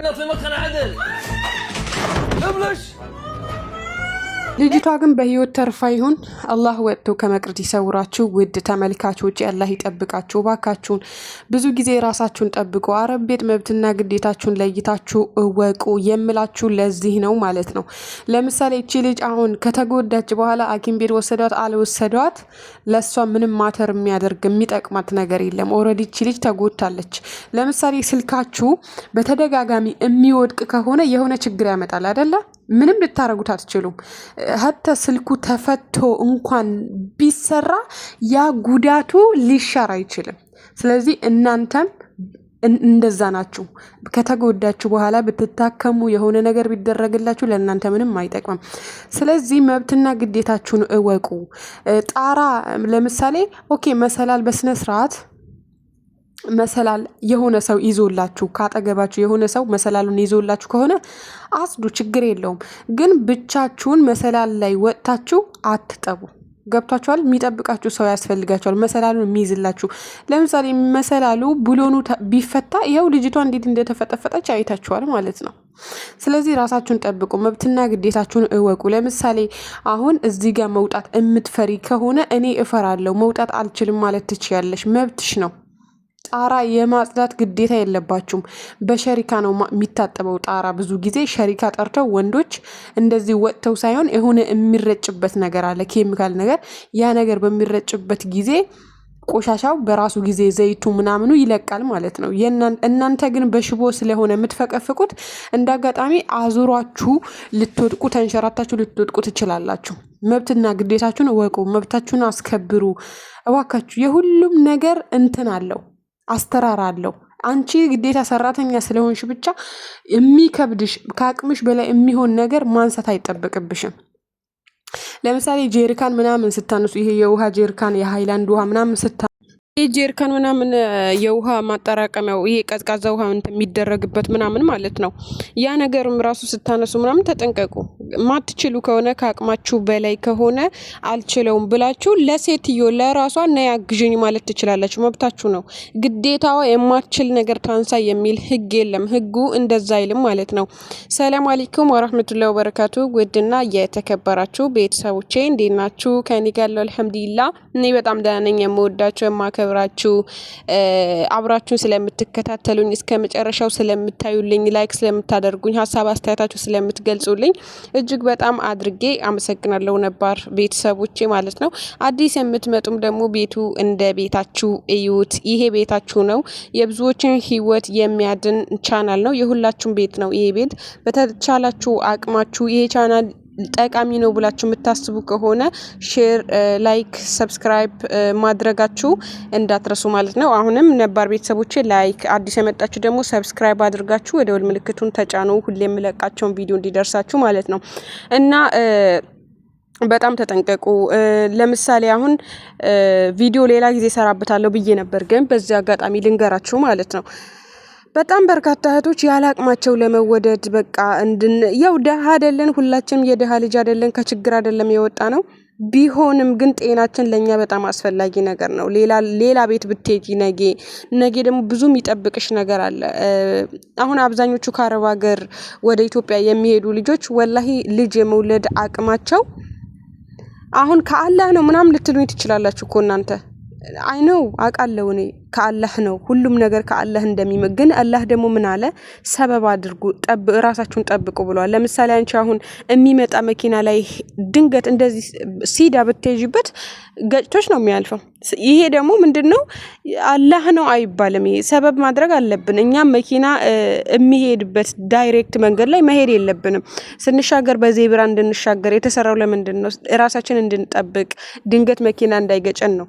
بنات لمكان عدل ابلش ልጅቷ ግን በህይወት ተርፋ ይሆን? አላህ ወጥቶ ከመቅረት ይሰውራችሁ። ውድ ተመልካቾች አላህ ይጠብቃችሁ። ባካችሁን ብዙ ጊዜ ራሳችሁን ጠብቁ። አረብ ቤት መብትና ግዴታችሁን ለይታችሁ እወቁ የምላችሁ ለዚህ ነው ማለት ነው። ለምሳሌ እቺ ልጅ አሁን ከተጎዳች በኋላ ሐኪም ቤት ወሰዷት አልወሰዷት፣ ለእሷ ምንም ማተር የሚያደርግ የሚጠቅማት ነገር የለም። ኦልሬዲ እቺ ልጅ ተጎድታለች። ለምሳሌ ስልካችሁ በተደጋጋሚ የሚወድቅ ከሆነ የሆነ ችግር ያመጣል አይደለ? ምንም ልታረጉት አትችሉም። ሀብተ ስልኩ ተፈቶ እንኳን ቢሰራ ያ ጉዳቱ ሊሻር አይችልም። ስለዚህ እናንተም እንደዛ ናችሁ። ከተጎዳችሁ በኋላ ብትታከሙ የሆነ ነገር ቢደረግላችሁ ለእናንተ ምንም አይጠቅምም። ስለዚህ መብትና ግዴታችሁን እወቁ። ጣራ ለምሳሌ ኦኬ መሰላል በስነ ስርዓት መሰላል የሆነ ሰው ይዞላችሁ ካጠገባችሁ የሆነ ሰው መሰላሉን ይዞላችሁ ከሆነ አስዱ፣ ችግር የለውም። ግን ብቻችሁን መሰላል ላይ ወጥታችሁ አትጠቡ። ገብቷችኋል? የሚጠብቃችሁ ሰው ያስፈልጋችኋል፣ መሰላሉን የሚይዝላችሁ። ለምሳሌ መሰላሉ ብሎኑ ቢፈታ ይኸው ልጅቷ እንዴት እንደተፈጠፈጠች አይታችኋል ማለት ነው። ስለዚህ ራሳችሁን ጠብቁ፣ መብትና ግዴታችሁን እወቁ። ለምሳሌ አሁን እዚህ ጋር መውጣት የምትፈሪ ከሆነ እኔ እፈራለሁ፣ መውጣት አልችልም ማለት ትችያለሽ፣ መብትሽ ነው። ጣራ የማጽዳት ግዴታ የለባችሁም። በሸሪካ ነው የሚታጠበው ጣራ። ብዙ ጊዜ ሸሪካ ጠርተው ወንዶች እንደዚህ ወጥተው ሳይሆን የሆነ የሚረጭበት ነገር አለ፣ ኬሚካል ነገር። ያ ነገር በሚረጭበት ጊዜ ቆሻሻው በራሱ ጊዜ ዘይቱ ምናምኑ ይለቃል ማለት ነው። እናንተ ግን በሽቦ ስለሆነ የምትፈቀፍቁት እንደ አጋጣሚ አዙሯችሁ ልትወድቁ ተንሸራታችሁ ልትወድቁ ትችላላችሁ። መብትና ግዴታችሁን እወቁ። መብታችሁን አስከብሩ እባካችሁ። የሁሉም ነገር እንትን አለው አስተራራለሁ። አንቺ ግዴታ ሰራተኛ ስለሆንሽ ብቻ የሚከብድሽ ከአቅምሽ በላይ የሚሆን ነገር ማንሳት አይጠበቅብሽም። ለምሳሌ ጄሪካን ምናምን ስታነሱ ይሄ የውሃ ጄሪካን የሃይላንድ ውሃ ምናምን ስታ ጄሪካን ምናምን የውሃ ማጠራቀሚያው ይሄ ቀዝቃዛ ውሃ የሚደረግበት ምናምን ማለት ነው። ያ ነገርም ራሱ ስታነሱ ምናምን ተጠንቀቁ። ማትችሉ ከሆነ ከአቅማችሁ በላይ ከሆነ አልችለውም ብላችሁ ለሴትዮ ለራሷ ነይ አግዥኝ ማለት ትችላላችሁ። መብታችሁ ነው። ግዴታዋ የማትችል ነገር ታንሳ የሚል ህግ የለም። ህጉ እንደዛ አይልም ማለት ነው። ሰላም አለይኩም ወራህመቱላሂ ወበረካቱ። ውድና የተከበራችሁ ቤተሰቦቼ እንዴት ናችሁ? ከኔ ጋር አልሐምዱሊላህ እኔ በጣም ደህና ነኝ። የምወዳችሁ የማከ ስለማከብራችሁ አብራችሁን ስለምትከታተሉኝ እስከ መጨረሻው ስለምታዩልኝ ላይክ ስለምታደርጉኝ ሀሳብ አስተያየታችሁ ስለምትገልጹልኝ እጅግ በጣም አድርጌ አመሰግናለሁ። ነባር ቤተሰቦቼ ማለት ነው። አዲስ የምትመጡም ደግሞ ቤቱ እንደ ቤታችሁ እዩት። ይሄ ቤታችሁ ነው። የብዙዎችን ህይወት የሚያድን ቻናል ነው። የሁላችሁም ቤት ነው ይሄ ቤት። በተቻላችሁ አቅማችሁ ይሄ ቻናል ጠቃሚ ነው ብላችሁ የምታስቡ ከሆነ ሼር፣ ላይክ፣ ሰብስክራይብ ማድረጋችሁ እንዳትረሱ ማለት ነው። አሁንም ነባር ቤተሰቦቼ ላይክ፣ አዲስ የመጣችሁ ደግሞ ሰብስክራይብ አድርጋችሁ ወል ምልክቱን ተጫኑ። ሁሌ የምለቃቸውን ቪዲዮ እንዲደርሳችሁ ማለት ነው እና በጣም ተጠንቀቁ። ለምሳሌ አሁን ቪዲዮ ሌላ ጊዜ ሰራበታለሁ ብዬ ነበር፣ ግን በዚህ አጋጣሚ ልንገራችሁ ማለት ነው በጣም በርካታ እህቶች ያለ አቅማቸው ለመወደድ በቃ እንድን ያው ደሃ አይደለን፣ ሁላችንም የደሃ ልጅ አይደለን፣ ከችግር አይደለም የወጣ ነው። ቢሆንም ግን ጤናችን ለእኛ በጣም አስፈላጊ ነገር ነው። ሌላ ሌላ ቤት ብትሄጂ ነጌ ነጌ ደግሞ ብዙ የሚጠብቅሽ ነገር አለ። አሁን አብዛኞቹ ከአረብ ሀገር ወደ ኢትዮጵያ የሚሄዱ ልጆች ወላሂ ልጅ የመውለድ አቅማቸው አሁን ከአላህ ነው ምናምን ልትሉኝ ትችላላችሁ እኮ እናንተ አይነው አውቃለሁ እኔ ከአላህ ነው ሁሉም ነገር ከአላህ እንደሚመ- ግን አላህ ደግሞ ምን አለ ሰበብ አድርጉ ጠብ- ራሳችሁን ጠብቁ ብለዋል። ለምሳሌ አንቺ አሁን የሚመጣ መኪና ላይ ድንገት እንደዚህ ሲዳ ብትይዥበት ገጭቶች ነው የሚያልፈው። ይሄ ደግሞ ምንድን ነው አላህ ነው አይባልም። ይሄ ሰበብ ማድረግ አለብን። እኛም መኪና የሚሄድበት ዳይሬክት መንገድ ላይ መሄድ የለብንም። ስንሻገር በዜብራ እንድንሻገር የተሰራው ለምንድን ነው? ራሳችን እንድንጠብቅ ድንገት መኪና እንዳይገጨን ነው።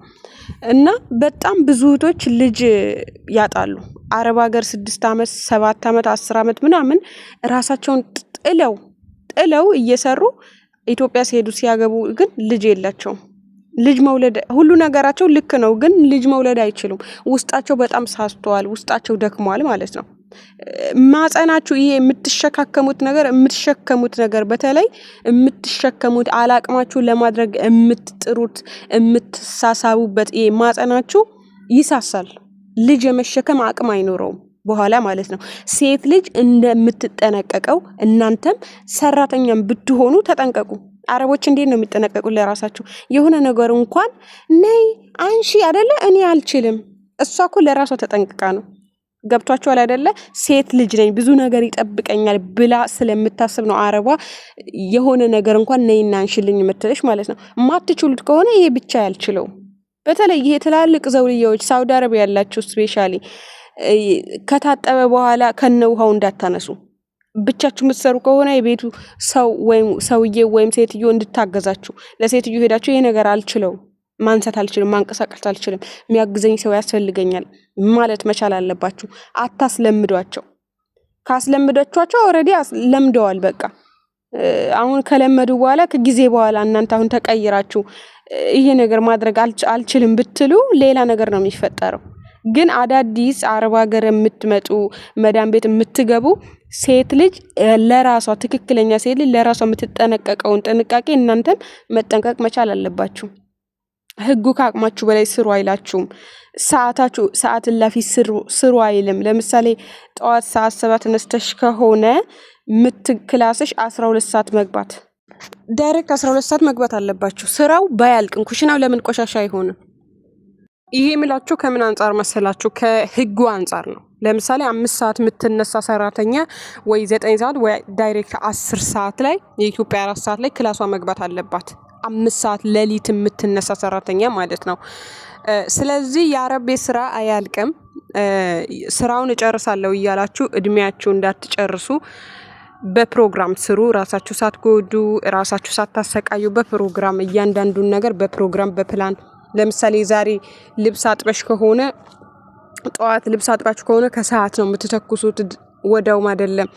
እና በጣም ብዙ እህቶች ልጅ ያጣሉ። አረብ ሀገር ስድስት ዓመት ሰባት ዓመት አስር ዓመት ምናምን ራሳቸውን ጥለው ጥለው እየሰሩ ኢትዮጵያ ሲሄዱ ሲያገቡ ግን ልጅ የላቸውም። ልጅ መውለድ ሁሉ ነገራቸው ልክ ነው፣ ግን ልጅ መውለድ አይችሉም። ውስጣቸው በጣም ሳስተዋል፣ ውስጣቸው ደክሟል ማለት ነው። ማጸናችሁ ይሄ የምትሸካከሙት ነገር የምትሸከሙት ነገር በተለይ የምትሸከሙት አላቅማችሁ ለማድረግ የምትጥሩት የምትሳሳቡበት ይሄ ማጸናችሁ ይሳሳል። ልጅ የመሸከም አቅም አይኖረውም በኋላ ማለት ነው። ሴት ልጅ እንደምትጠነቀቀው እናንተም ሰራተኛም ብትሆኑ ተጠንቀቁ። አረቦች እንዴት ነው የሚጠነቀቁ ለራሳቸው? የሆነ ነገር እንኳን ነይ አንሺ አደለ እኔ አልችልም። እሷ እኮ ለራሷ ተጠንቅቃ ነው። ገብቷቸዋል አይደለ? ሴት ልጅ ነኝ ብዙ ነገር ይጠብቀኛል ብላ ስለምታስብ ነው አረቧ የሆነ ነገር እንኳን ነይና አንሽልኝ የምትለሽ ማለት ነው። ማትችሉት ከሆነ ይሄ ብቻ ያልችለው በተለይ ይሄ ትላልቅ ዘውልያዎች ሳውዲ አረቢያ ያላቸው ስፔሻሊ ከታጠበ በኋላ ከነ ውሃው እንዳታነሱ ብቻችሁ የምትሰሩ ከሆነ የቤቱ ሰው ወይም ሰውዬ ወይም ሴትዮ እንድታገዛችሁ ለሴትዮ ሄዳችሁ ይሄ ነገር አልችለው ማንሳት አልችልም፣ ማንቀሳቀስ አልችልም፣ የሚያግዘኝ ሰው ያስፈልገኛል ማለት መቻል አለባችሁ። አታስለምዷቸው። ካስለምዷቸው ኦልሬዲ ለምደዋል። በቃ አሁን ከለመዱ በኋላ ከጊዜ በኋላ እናንተ አሁን ተቀይራችሁ ይሄ ነገር ማድረግ አልችልም ብትሉ ሌላ ነገር ነው የሚፈጠረው። ግን አዳዲስ አረብ ሀገር የምትመጡ መዳም ቤት የምትገቡ ሴት ልጅ ለራሷ ትክክለኛ ሴት ልጅ ለራሷ የምትጠነቀቀውን ጥንቃቄ እናንተም መጠንቀቅ መቻል አለባችሁ። ህጉ ከአቅማችሁ በላይ ስሩ አይላችሁም። ሰዓታችሁ ሰዓት እላፊ ስሩ አይልም። ለምሳሌ ጠዋት ሰዓት ሰባት ነስተሽ ከሆነ ምትክላስሽ አስራ ሁለት ሰዓት መግባት ዳይሬክት አስራ ሁለት ሰዓት መግባት አለባችሁ። ስራው ባያልቅም ኩሽናው ለምን ቆሻሻ አይሆንም? ይሄ የምላችሁ ከምን አንጻር መሰላችሁ? ከህጉ አንጻር ነው። ለምሳሌ አምስት ሰዓት የምትነሳ ሰራተኛ ወይ ዘጠኝ ሰዓት ወይ ዳይሬክት አስር ሰዓት ላይ የኢትዮጵያ አራት ሰዓት ላይ ክላሷ መግባት አለባት። አምስት ሰዓት ሌሊት የምትነሳ ሰራተኛ ማለት ነው። ስለዚህ የአረቤ ስራ አያልቅም። ስራውን እጨርሳለሁ እያላችሁ እድሜያችሁ እንዳትጨርሱ በፕሮግራም ስሩ። ራሳችሁ ሳትጎዱ፣ ራሳችሁ ሳታሰቃዩ በፕሮግራም እያንዳንዱን ነገር በፕሮግራም በፕላን ለምሳሌ ዛሬ ልብስ አጥበሽ ከሆነ ጠዋት ልብስ አጥባችሁ ከሆነ ከሰዓት ነው የምትተኩሱት፣ ወዳውም አይደለም።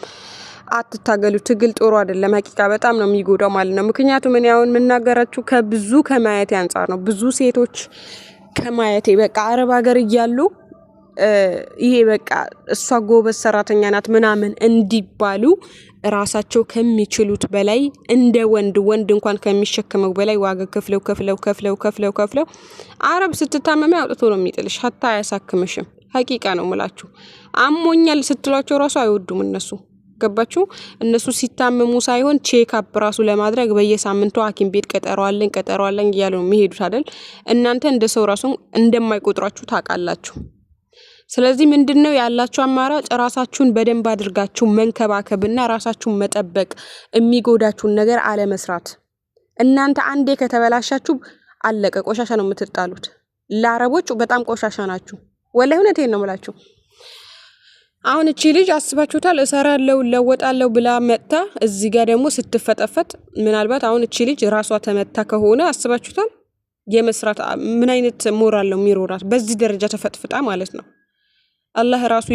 አትታገሉ። ትግል ጥሩ አይደለም። ሀቂቃ በጣም ነው የሚጎዳው ማለት ነው። ምክንያቱም እኔ አሁን የምናገራችሁ ከብዙ ከማየቴ አንጻር ነው። ብዙ ሴቶች ከማየቴ በቃ አረብ ሀገር እያሉ ይሄ በቃ እሷ ጎበዝ ሰራተኛ ናት ምናምን እንዲባሉ ራሳቸው ከሚችሉት በላይ እንደ ወንድ ወንድ እንኳን ከሚሸክመው በላይ ዋጋ ከፍለው ከፍለው ከፍለው ከፍለው ከፍለው አረብ ስትታመመ አውጥቶ ነው የሚጥልሽ። ሀታ አያሳክምሽም። ሀቂቃ ነው ምላችሁ። አሞኛል ስትሏቸው ራሱ አይወዱም እነሱ ገባችሁ። እነሱ ሲታመሙ ሳይሆን አፕ ራሱ ለማድረግ በየሳምንቱ ሐኪም ቤት ቀጠሯለን ቀጠሯለን እያሉ ነው የሚሄዱት አይደል? እናንተ እንደ ሰው ራሱ እንደማይቆጥሯችሁ ታውቃላችሁ። ስለዚህ ምንድን ነው ያላችሁ አማራጭ ራሳችሁን በደንብ አድርጋችሁ መንከባከብና ራሳችሁን መጠበቅ፣ የሚጎዳችሁን ነገር አለመስራት። እናንተ አንዴ ከተበላሻችሁ አለቀ፣ ቆሻሻ ነው የምትጣሉት። ለአረቦች በጣም ቆሻሻ ናችሁ። ወላሂ እውነቴን ነው የምላችሁ። አሁን እቺ ልጅ አስባችሁታል? እሰራለሁ ለወጣለው ብላ መጥታ እዚህ ጋር ደግሞ ስትፈጠፈጥ፣ ምናልባት አሁን እቺ ልጅ ራሷ ተመታ ከሆነ አስባችሁታል? የመስራት ምን አይነት ሞራል ነው የሚሮራት? በዚህ ደረጃ ተፈጥፍጣ ማለት ነው። አላህ ራሱ